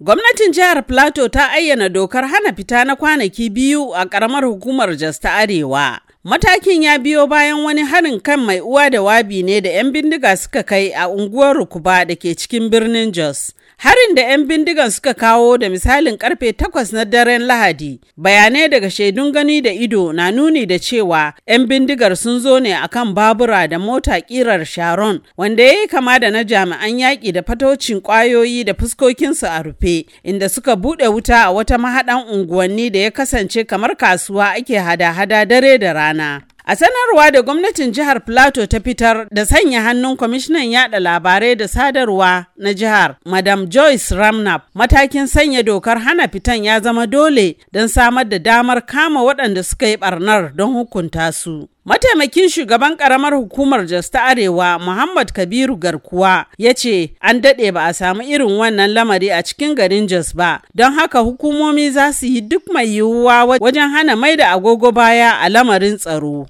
Gwamnatin jihar Plateau ta ayyana dokar hana fita na kwanaki biyu a ƙaramar hukumar Jasta Arewa Matakin ya biyo bayan wani harin kan mai uwa da wabi ne da 'yan bindiga suka kai a unguwar Rukuba da ke cikin birnin Jos. Harin da 'yan bindigan suka kawo da misalin karfe takwas na daren Lahadi, bayanai daga shaidun gani da ido na nuni da cewa 'yan bindigar sun zo ne a kan babura da mota kirar Sharon, wanda ya yi kama da na jami'an yaƙi da fatocin ƙwayoyi da fuskokinsu a rufe, inda suka buɗe wuta a wata mahaɗan unguwanni da ya kasance kamar kasuwa ake hada-hada dare da rana. rana. A sanarwa da gwamnatin jihar Plateau ta fitar da sanya hannun kwamishinan yada labarai da sadarwa na jihar, Madam Joyce Ramnap, matakin sanya dokar hana fitan ya zama dole don samar da damar kama waɗanda suka yi ɓarnar don hukunta su. Mataimakin shugaban karamar hukumar Jos ta Arewa Muhammad Kabiru Garkuwa ya ce an daɗe ba a samu irin wannan lamari a cikin garin Jos ba, don haka hukumomi za su yi duk mai yiwuwa wajen hana mai da agogo baya a lamarin tsaro.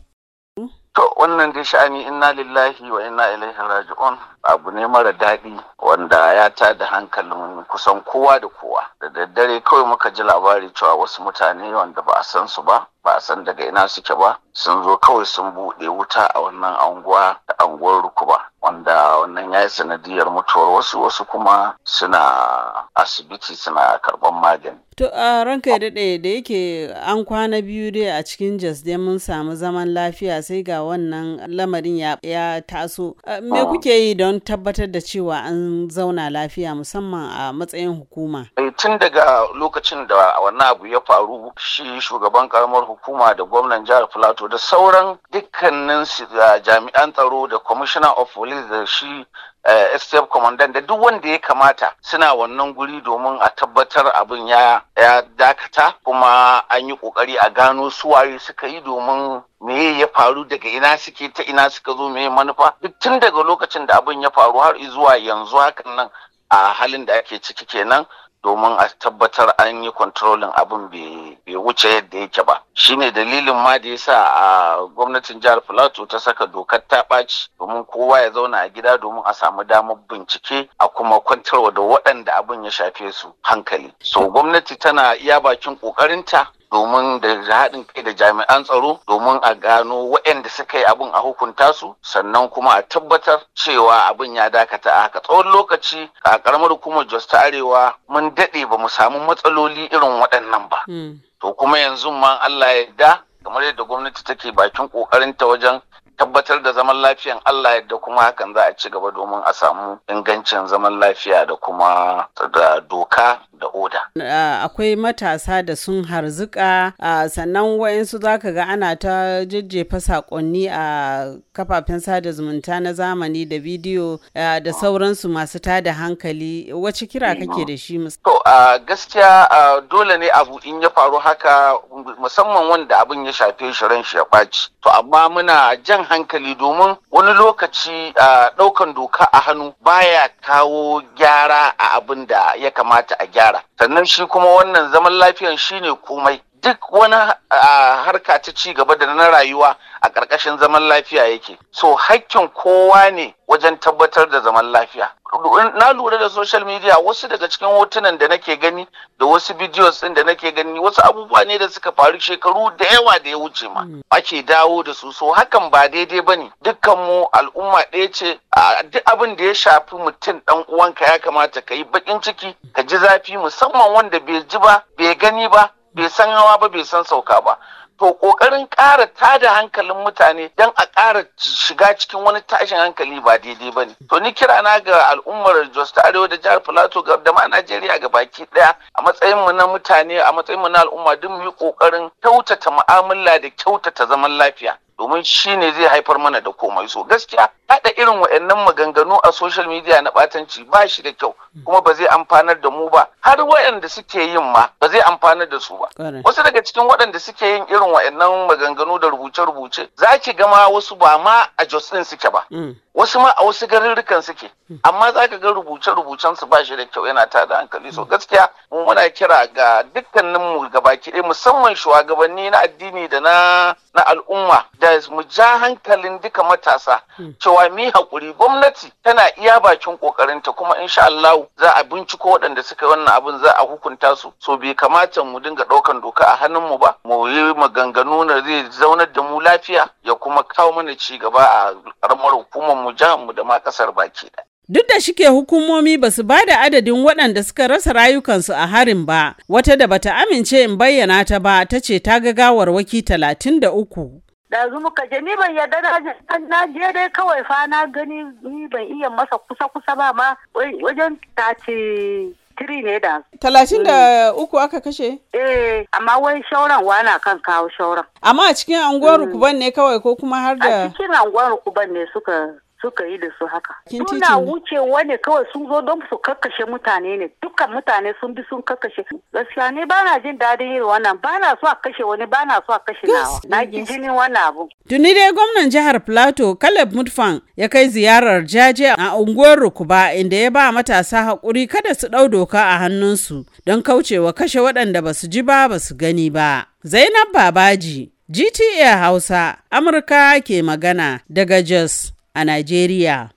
To wannan dai sha'ani inna lillahi wa inna ilaihi raji'un abu ne mara daɗi wanda ya ta da hankalin kusan kowa da kowa. Da daddare kawai muka ji labari cewa wasu mutane wanda ba a san su ba, ba a san daga ina suke ba, sun zo kawai sun buɗe wuta a wannan anguwa da anguwar rukuba. Wanda wannan ya yi sanadiyar mutuwar wasu wasu kuma suna asibiti suna karɓar magani. To a ranka ya daɗe da yake an kwana biyu dai a cikin jas dai mun samu zaman lafiya sai ga wannan lamarin ya, taso. Me ah. kuke yi don tabbatar da cewa an zauna lafiya musamman a matsayin hukuma? Eh, tun daga lokacin da wannan abu ya faru shi shugaban karamar hukuma da gwamnan jihar Filato da sauran dukkanin jami'an tsaro da commissioner of police da shi STF eh, commandant da duk wanda ya kamata suna wannan guri domin a tabbatar abin ya dakata kuma an yi kokari a gano suwaye suka yi domin me ya faru daga ina suke ta ina suka zo me manufa duk tun daga lokacin da abin ya faru har zuwa yanzu hakan nan a halin da ake ciki kenan domin a tabbatar an yi kontrolin abin bai wuce yadda yake ba shine dalilin ma da yasa a gwamnatin jihar Filato ta saka dokar ta ɓaci domin kowa ya zauna a gida domin a samu damar bincike a kuma kwantarwa da waɗanda abin ya shafe su hankali. So gwamnati tana iya bakin ƙoƙarinta domin da haɗin kai da jami'an tsaro domin a gano waɗanda suka yi abin a hukunta su sannan kuma a tabbatar cewa abin ya dakata a haka tsawon lokaci a ƙaramar hukumar Jos ta Arewa mun daɗe ba mu samu matsaloli irin waɗannan ba. Hmm. to kuma yanzu ma Allah ya da kamar yadda gwamnati take bakin ta wajen tabbatar da zaman lafiyan Allah yadda kuma hakan za a ci gaba domin a samu ingancin zaman lafiya da kuma da doka da oda. Akwai matasa da sun harzuka sannan wayansu za ka ga ana ta jajjefa sakonni a kafafen sada zumunta na zamani da bidiyo da mm. sauransu masu tada hankali wace kira mm. kake da shi To gaskiya dole ne abu in ya faru haka musamman wanda abin ya shafe shi ran shi ya ɓaci. To amma muna jan hankali domin wani lokaci ɗaukan doka a hannu baya kawo gyara a abin da ya kamata a gyara. sannan shi kuma wannan zaman lafiyan shine komai duk wani harka ta ci gaba da na rayuwa a ƙarƙashin zaman lafiya yake so hakkin kowa ne wajen tabbatar da zaman lafiya na lura da social media wasu daga cikin hotunan da nake gani da wasu videos ɗin da nake gani wasu abubuwa ne da suka faru shekaru da yawa da ya wuce ma hmm. ake dawo da su so hakan ba daidai ba ne Dukkanmu al'umma ɗaya ce duk abin da ya shafi mutum ɗan uwanka ya kamata ka yi baƙin ciki ka ji zafi musamman wanda bai ji ba bai gani ba bai san hawa ba bai san sauka ba to kokarin ƙara tada hankalin mutane don a ƙara shiga cikin wani tashin hankali ba daidai ba ne to ni kira na ga al'ummar jos ta arewa da jihar filato da ma najeriya ga baki ɗaya a matsayin mu na mutane a matsayin mu na al'umma duk mu yi ƙoƙarin kyautata mu'amala da kyautata zaman lafiya domin shi ne zai haifar mana da komai so gaskiya haɗa irin wa'annan maganganu a social media na batanci ba shi da kyau kuma ba zai amfanar da mu ba har waɗanda suke yin ma ba zai amfanar da su ba wasu daga cikin waɗanda suke yin irin wa'annan maganganu da rubuce-rubuce za ki gama wasu ba ma a Jos ɗin suke ba mm. wasu ma a wasu garurrukan suke mm. amma za ka ga rubuce-rubucen su ba shi da kyau yana ta da hankali so gaskiya mu muna kira ga dukkaninmu gabaki ɗaya musamman shugabanni na addini da na na al'umma da mu ja hankalin duka matasa hmm. cewa mi haƙuri gwamnati tana iya bakin ƙoƙarinta kuma insha Allah za a binciko waɗanda suka wannan abin za a hukunta su so bai kamata mu dinga ɗaukan doka a hannun mu ba mu yi maganganu na zai zaunar da mu lafiya ya kuma kawo mana ci gaba a ƙaramar hukumar mu jihar mu da ma ƙasar baki ɗaya. Duk da shike hukumomi ba su ba da adadin waɗanda suka rasa rayukansu a harin ba, wata da bata amince in bayyana ta ba ta ce ta ga waki talatin da uku. Ɗazu muka je ni ban yarda na je dai kawai fa na gani ni ban iya masa kusa-kusa ba ma wajen ce tiri ne da. Talatin da uku aka kashe? Eh, amma wai shauran wana kan kawo shauran. Amma a cikin anguwar rukuban ne kawai ko kuma har da? A cikin anguwar rukuban ne suka suka yi da su haka. Suna wucewa ne kawai sun zo don su kakkashe mutane ne dukkan mutane sun bi sun kakkashe. Gaskiya ne ba na jin daɗin yin wannan ba na so a kashe wani ba na so a kashe nawa. Na ji jinin wannan abu. Tuni dai gwamnan jihar Plateau Caleb Mutfan ya kai ziyarar jaje a unguwar Rukuba inda ya ba matasa haƙuri kada su ɗau doka a hannunsu don kaucewa kashe waɗanda ba su ji ba ba su gani ba. Zainab Babaji, GTA Hausa, Amurka ke magana daga Jos. a Najeriya.